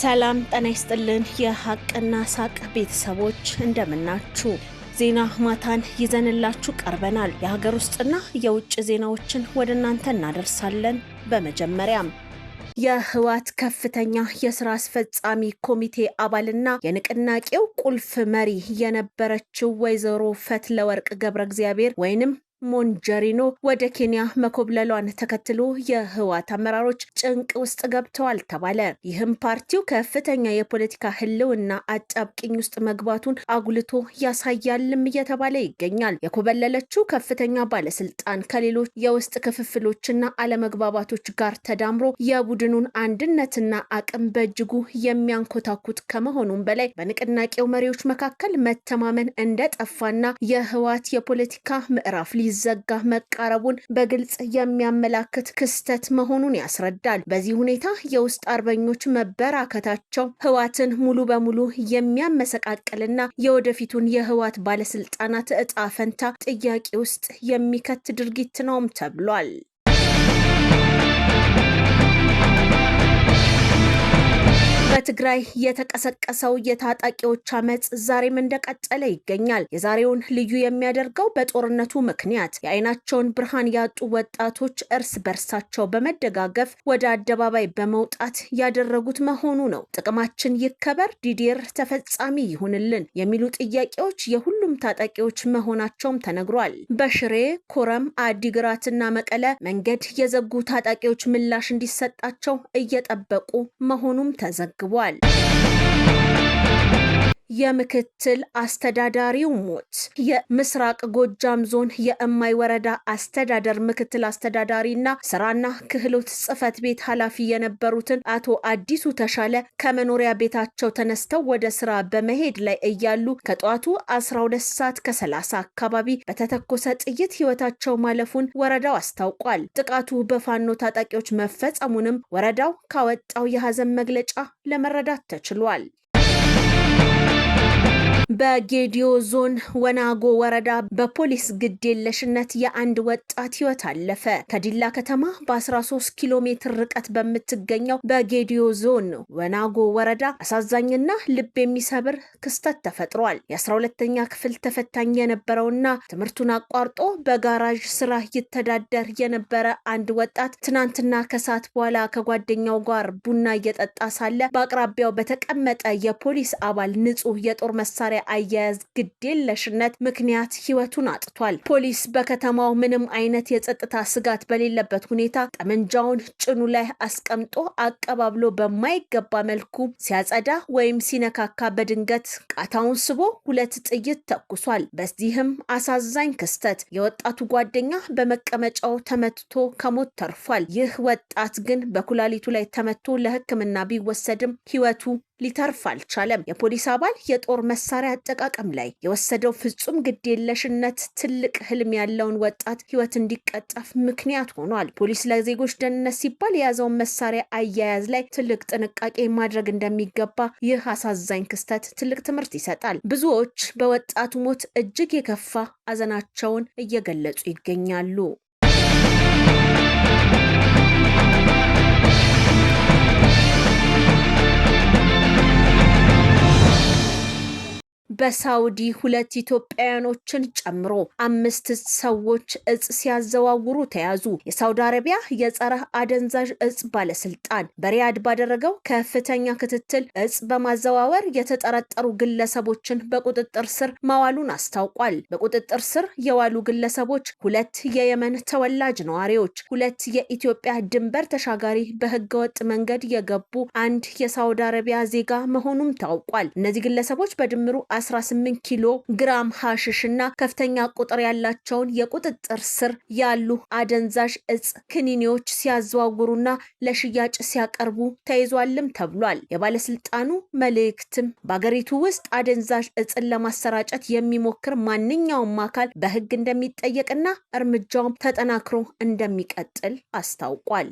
ሰላም ጠና ይስጥልን። የሀቅና ሳቅ ቤተሰቦች እንደምናችሁ። ዜና ማታን ይዘንላችሁ ቀርበናል። የሀገር ውስጥና የውጭ ዜናዎችን ወደ እናንተ እናደርሳለን። በመጀመሪያም የህወሓት ከፍተኛ የስራ አስፈጻሚ ኮሚቴ አባልና የንቅናቄው ቁልፍ መሪ የነበረችው ወይዘሮ ፈትለወርቅ ገብረ እግዚአብሔር ወይንም ሞንጀሪኖ ወደ ኬንያ መኮብለሏን ተከትሎ የህወሓት አመራሮች ጭንቅ ውስጥ ገብተዋል ተባለ። ይህም ፓርቲው ከፍተኛ የፖለቲካ ህልውና አጣብቂኝ ውስጥ መግባቱን አጉልቶ ያሳያልም እየተባለ ይገኛል። የኮበለለችው ከፍተኛ ባለስልጣን ከሌሎች የውስጥ ክፍፍሎችና አለመግባባቶች ጋር ተዳምሮ የቡድኑን አንድነትና አቅም በእጅጉ የሚያንኮታኩት ከመሆኑም በላይ በንቅናቄው መሪዎች መካከል መተማመን እንደጠፋና የህወሓት የፖለቲካ ምዕራፍ ሊይዝ ሊዘጋ መቃረቡን በግልጽ የሚያመላክት ክስተት መሆኑን ያስረዳል። በዚህ ሁኔታ የውስጥ አርበኞች መበራከታቸው ህዋትን ሙሉ በሙሉ የሚያመሰቃቅልና የወደፊቱን የህዋት ባለስልጣናት እጣ ፈንታ ጥያቄ ውስጥ የሚከት ድርጊት ነውም ተብሏል። በትግራይ የተቀሰቀሰው የታጣቂዎች አመፅ ዛሬም እንደቀጠለ ይገኛል። የዛሬውን ልዩ የሚያደርገው በጦርነቱ ምክንያት የአይናቸውን ብርሃን ያጡ ወጣቶች እርስ በርሳቸው በመደጋገፍ ወደ አደባባይ በመውጣት ያደረጉት መሆኑ ነው። ጥቅማችን ይከበር፣ ዲዲር ተፈጻሚ ይሁንልን የሚሉ ጥያቄዎች የሁሉም ታጣቂዎች መሆናቸውም ተነግሯል። በሽሬ ኮረም፣ አዲግራትና መቀለ መንገድ የዘጉ ታጣቂዎች ምላሽ እንዲሰጣቸው እየጠበቁ መሆኑም ተዘግ One. የምክትል አስተዳዳሪው ሞት። የምስራቅ ጎጃም ዞን የእማይ ወረዳ አስተዳደር ምክትል አስተዳዳሪና ስራና ክህሎት ጽህፈት ቤት ኃላፊ የነበሩትን አቶ አዲሱ ተሻለ ከመኖሪያ ቤታቸው ተነስተው ወደ ስራ በመሄድ ላይ እያሉ ከጠዋቱ 12 ሰዓት ከ30 አካባቢ በተተኮሰ ጥይት ህይወታቸው ማለፉን ወረዳው አስታውቋል። ጥቃቱ በፋኖ ታጣቂዎች መፈጸሙንም ወረዳው ካወጣው የሀዘን መግለጫ ለመረዳት ተችሏል። በጌዲዮ ዞን ወናጎ ወረዳ በፖሊስ ግዴለሽነት የአንድ ወጣት ሕይወት አለፈ። ከዲላ ከተማ በ13 ኪሎ ሜትር ርቀት በምትገኘው በጌዲዮ ዞን ወናጎ ወረዳ አሳዛኝና ልብ የሚሰብር ክስተት ተፈጥሯል። የ12ተኛ ክፍል ተፈታኝ የነበረውና ትምህርቱን አቋርጦ በጋራዥ ስራ ይተዳደር የነበረ አንድ ወጣት ትናንትና ከሰዓት በኋላ ከጓደኛው ጋር ቡና እየጠጣ ሳለ በአቅራቢያው በተቀመጠ የፖሊስ አባል ንጹህ የጦር መሳሪያ መሳሪያ አያያዝ ግዴለሽነት ምክንያት ህይወቱን አጥቷል። ፖሊስ በከተማው ምንም አይነት የጸጥታ ስጋት በሌለበት ሁኔታ ጠመንጃውን ጭኑ ላይ አስቀምጦ አቀባብሎ በማይገባ መልኩ ሲያጸዳ ወይም ሲነካካ በድንገት ቃታውን ስቦ ሁለት ጥይት ተኩሷል። በዚህም አሳዛኝ ክስተት የወጣቱ ጓደኛ በመቀመጫው ተመትቶ ከሞት ተርፏል። ይህ ወጣት ግን በኩላሊቱ ላይ ተመቶ ለሕክምና ቢወሰድም ህይወቱ ሊተርፍ አልቻለም። የፖሊስ አባል የጦር መሳሪያ አጠቃቀም ላይ የወሰደው ፍጹም ግዴለሽነት ትልቅ ህልም ያለውን ወጣት ህይወት እንዲቀጠፍ ምክንያት ሆኗል። ፖሊስ ለዜጎች ደህንነት ሲባል የያዘውን መሳሪያ አያያዝ ላይ ትልቅ ጥንቃቄ ማድረግ እንደሚገባ ይህ አሳዛኝ ክስተት ትልቅ ትምህርት ይሰጣል። ብዙዎች በወጣቱ ሞት እጅግ የከፋ አዘናቸውን እየገለጹ ይገኛሉ። በሳውዲ ሁለት ኢትዮጵያውያኖችን ጨምሮ አምስት ሰዎች እጽ ሲያዘዋውሩ ተያዙ። የሳውዲ አረቢያ የጸረ አደንዛዥ እጽ ባለስልጣን በሪያድ ባደረገው ከፍተኛ ክትትል እጽ በማዘዋወር የተጠረጠሩ ግለሰቦችን በቁጥጥር ስር ማዋሉን አስታውቋል። በቁጥጥር ስር የዋሉ ግለሰቦች ሁለት የየመን ተወላጅ ነዋሪዎች፣ ሁለት የኢትዮጵያ ድንበር ተሻጋሪ በህገወጥ መንገድ የገቡ አንድ የሳውዲ አረቢያ ዜጋ መሆኑም ታውቋል። እነዚህ ግለሰቦች በድምሩ 18 ኪሎ ግራም ሐሽሽ እና ከፍተኛ ቁጥር ያላቸውን የቁጥጥር ስር ያሉ አደንዛዥ እጽ ክኒኒዎች ሲያዘዋውሩና ለሽያጭ ሲያቀርቡ ተይዟልም ተብሏል። የባለስልጣኑ መልእክትም በአገሪቱ ውስጥ አደንዛዥ እጽን ለማሰራጨት የሚሞክር ማንኛውም አካል በህግ እንደሚጠየቅና እርምጃውም ተጠናክሮ እንደሚቀጥል አስታውቋል።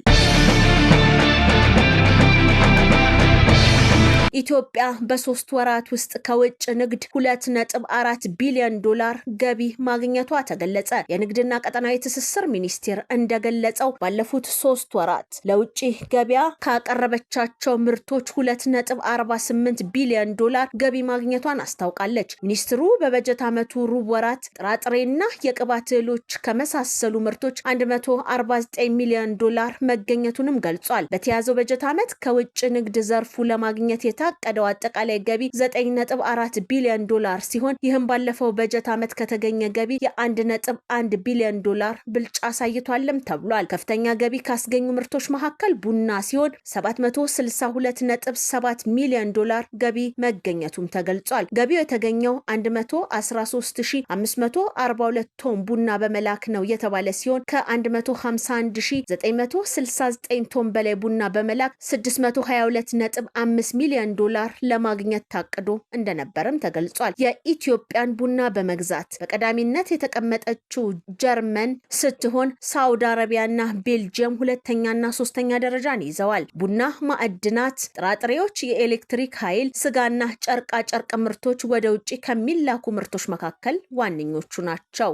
ኢትዮጵያ በሶስት ወራት ውስጥ ከውጭ ንግድ ሁለት ነጥብ አራት ቢሊዮን ዶላር ገቢ ማግኘቷ ተገለጸ። የንግድና ቀጠናዊ ትስስር ሚኒስቴር እንደገለጸው ባለፉት ሶስት ወራት ለውጭ ገበያ ካቀረበቻቸው ምርቶች ሁለት ነጥብ አርባ ስምንት ቢሊዮን ዶላር ገቢ ማግኘቷን አስታውቃለች። ሚኒስትሩ በበጀት ዓመቱ ሩብ ወራት ጥራጥሬና የቅባት እህሎች ከመሳሰሉ ምርቶች 149 ሚሊዮን ዶላር መገኘቱንም ገልጿል። በተያዘው በጀት ዓመት ከውጭ ንግድ ዘርፉ ለማግኘት የታ የታቀደው አጠቃላይ ገቢ 9.4 ቢሊዮን ዶላር ሲሆን ይህም ባለፈው በጀት ዓመት ከተገኘ ገቢ የ1.1 ቢሊዮን ዶላር ብልጫ አሳይቷልም ተብሏል። ከፍተኛ ገቢ ካስገኙ ምርቶች መካከል ቡና ሲሆን 762.7 ሚሊዮን ዶላር ገቢ መገኘቱም ተገልጿል። ገቢው የተገኘው 113542 ቶን ቡና በመላክ ነው የተባለ ሲሆን ከ151969 ቶን በላይ ቡና በመላክ 622.5 ሚሊዮን ሚሊዮን ዶላር ለማግኘት ታቅዶ እንደነበረም ተገልጿል። የኢትዮጵያን ቡና በመግዛት በቀዳሚነት የተቀመጠችው ጀርመን ስትሆን ሳውዲ አረቢያና ቤልጅየም ሁለተኛና ሶስተኛ ደረጃን ይዘዋል። ቡና፣ ማዕድናት፣ ጥራጥሬዎች፣ የኤሌክትሪክ ኃይል፣ ስጋና ጨርቃ ጨርቅ ምርቶች ወደ ውጭ ከሚላኩ ምርቶች መካከል ዋነኞቹ ናቸው።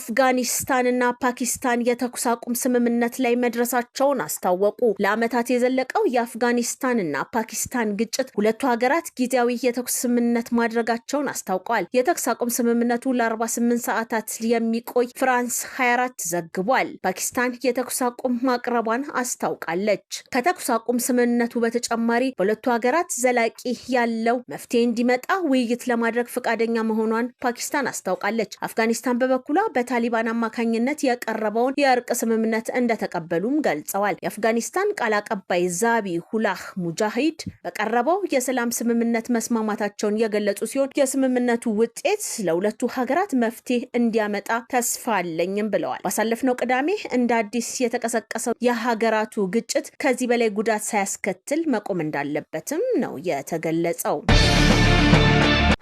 አፍጋኒስታንና ፓኪስታን የተኩስ አቁም ስምምነት ላይ መድረሳቸውን አስታወቁ። ለዓመታት የዘለቀው የአፍጋኒስታንና ፓኪስታን ግጭት ሁለቱ ሀገራት ጊዜያዊ የተኩስ ስምምነት ማድረጋቸውን አስታውቋል። የተኩስ አቁም ስምምነቱ ለ48 ሰዓታት የሚቆይ ፍራንስ 24 ዘግቧል። ፓኪስታን የተኩስ አቁም ማቅረቧን አስታውቃለች። ከተኩስ አቁም ስምምነቱ በተጨማሪ በሁለቱ ሀገራት ዘላቂ ያለው መፍትሄ እንዲመጣ ውይይት ለማድረግ ፈቃደኛ መሆኗን ፓኪስታን አስታውቃለች። አፍጋኒስታን በበኩሏ በ በታሊባን አማካኝነት የቀረበውን የእርቅ ስምምነት እንደተቀበሉም ገልጸዋል። የአፍጋኒስታን ቃል አቀባይ ዛቢ ሁላህ ሙጃሂድ በቀረበው የሰላም ስምምነት መስማማታቸውን የገለጹ ሲሆን የስምምነቱ ውጤት ለሁለቱ ሀገራት መፍትሄ እንዲያመጣ ተስፋ አለኝም ብለዋል። ባሳለፍነው ቅዳሜ እንደ አዲስ የተቀሰቀሰው የሀገራቱ ግጭት ከዚህ በላይ ጉዳት ሳያስከትል መቆም እንዳለበትም ነው የተገለጸው።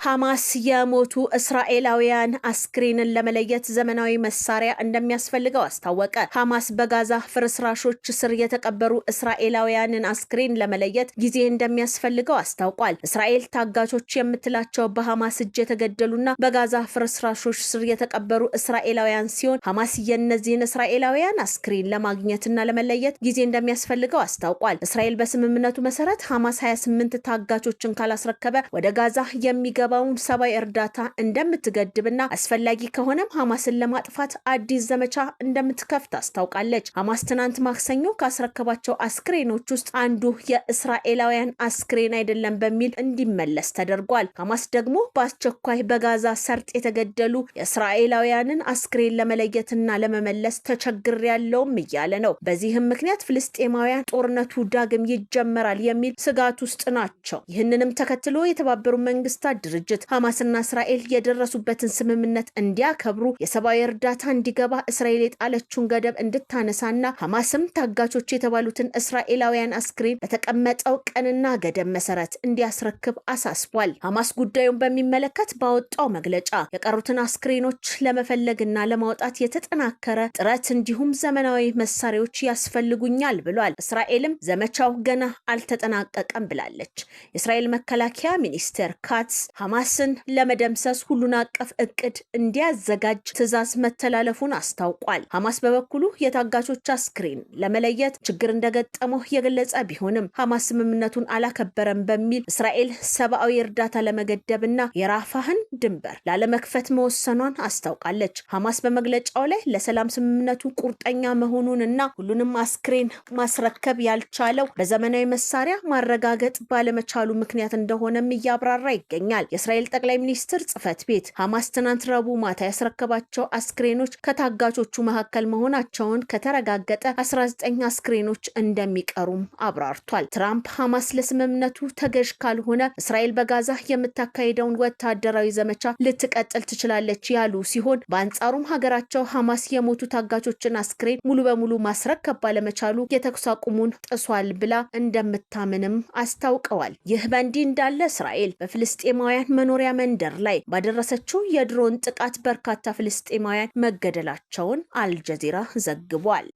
ሐማስ የሞቱ እስራኤላውያን አስክሬንን ለመለየት ዘመናዊ መሳሪያ እንደሚያስፈልገው አስታወቀ። ሐማስ በጋዛ ፍርስራሾች ስር የተቀበሩ እስራኤላውያንን አስክሬን ለመለየት ጊዜ እንደሚያስፈልገው አስታውቋል። እስራኤል ታጋቾች የምትላቸው በሐማስ እጅ የተገደሉና በጋዛ ፍርስራሾች ስር የተቀበሩ እስራኤላውያን ሲሆን ሐማስ የእነዚህን እስራኤላውያን አስክሬን ለማግኘትና ለመለየት ጊዜ እንደሚያስፈልገው አስታውቋል። እስራኤል በስምምነቱ መሰረት ሐማስ 28 ታጋቾችን ካላስረከበ ወደ ጋዛ የሚገ የሚገባውን ሰብአዊ እርዳታ እንደምትገድብና አስፈላጊ ከሆነም ሐማስን ለማጥፋት አዲስ ዘመቻ እንደምትከፍት አስታውቃለች። ሐማስ ትናንት ማክሰኞ ካስረከባቸው አስክሬኖች ውስጥ አንዱ የእስራኤላውያን አስክሬን አይደለም በሚል እንዲመለስ ተደርጓል። ሐማስ ደግሞ በአስቸኳይ በጋዛ ሰርጥ የተገደሉ የእስራኤላውያንን አስክሬን ለመለየትና ለመመለስ ተቸግር ያለውም እያለ ነው። በዚህም ምክንያት ፍልስጤማውያን ጦርነቱ ዳግም ይጀመራል የሚል ስጋት ውስጥ ናቸው። ይህንንም ተከትሎ የተባበሩት መንግስታት ድርጅት ድርጅት ሐማስና እስራኤል የደረሱበትን ስምምነት እንዲያከብሩ፣ የሰብአዊ እርዳታ እንዲገባ እስራኤል የጣለችውን ገደብ እንድታነሳና ሐማስም ታጋቾች የተባሉትን እስራኤላውያን አስክሬን በተቀመጠው ቀንና ገደብ መሰረት እንዲያስረክብ አሳስቧል። ሐማስ ጉዳዩን በሚመለከት ባወጣው መግለጫ የቀሩትን አስክሬኖች ለመፈለግና ለማውጣት የተጠናከረ ጥረት እንዲሁም ዘመናዊ መሳሪያዎች ያስፈልጉኛል ብሏል። እስራኤልም ዘመቻው ገና አልተጠናቀቀም ብላለች። የእስራኤል መከላከያ ሚኒስቴር ካትስ ሐማስን ለመደምሰስ ሁሉን አቀፍ እቅድ እንዲያዘጋጅ ትዕዛዝ መተላለፉን አስታውቋል። ሐማስ በበኩሉ የታጋቾች አስክሬን ለመለየት ችግር እንደገጠመው የገለጸ ቢሆንም ሐማስ ስምምነቱን አላከበረም በሚል እስራኤል ሰብአዊ እርዳታ ለመገደብ እና የራፋህን ድንበር ላለመክፈት መወሰኗን አስታውቃለች። ሐማስ በመግለጫው ላይ ለሰላም ስምምነቱ ቁርጠኛ መሆኑን እና ሁሉንም አስክሬን ማስረከብ ያልቻለው በዘመናዊ መሳሪያ ማረጋገጥ ባለመቻሉ ምክንያት እንደሆነም እያብራራ ይገኛል። የእስራኤል ጠቅላይ ሚኒስትር ጽህፈት ቤት ሐማስ ትናንት ረቡዕ ማታ ያስረከባቸው አስክሬኖች ከታጋቾቹ መካከል መሆናቸውን ከተረጋገጠ 19 አስክሬኖች እንደሚቀሩም አብራርቷል። ትራምፕ ሐማስ ለስምምነቱ ተገዥ ካልሆነ እስራኤል በጋዛ የምታካሄደውን ወታደራዊ ዘመቻ ልትቀጥል ትችላለች ያሉ ሲሆን በአንጻሩም ሀገራቸው ሐማስ የሞቱ ታጋቾችን አስክሬን ሙሉ በሙሉ ማስረከብ ባለመቻሉ የተኩስ አቁሙን ጥሷል ብላ እንደምታምንም አስታውቀዋል። ይህ በእንዲህ እንዳለ እስራኤል በፍልስጤማውያን ፍልስጤማውያን መኖሪያ መንደር ላይ ባደረሰችው የድሮን ጥቃት በርካታ ፍልስጤማውያን መገደላቸውን አልጀዚራ ዘግቧል።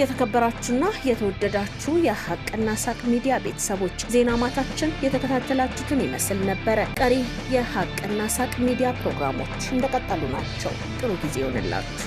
የተከበራችሁና የተወደዳችሁ የሀቅና ሳቅ ሚዲያ ቤተሰቦች ዜና ማታችን የተከታተላችሁትን ይመስል ነበረ። ቀሪ የሀቅና ሳቅ ሚዲያ ፕሮግራሞች እንደቀጠሉ ናቸው። ጥሩ ጊዜ ይሆንላችሁ።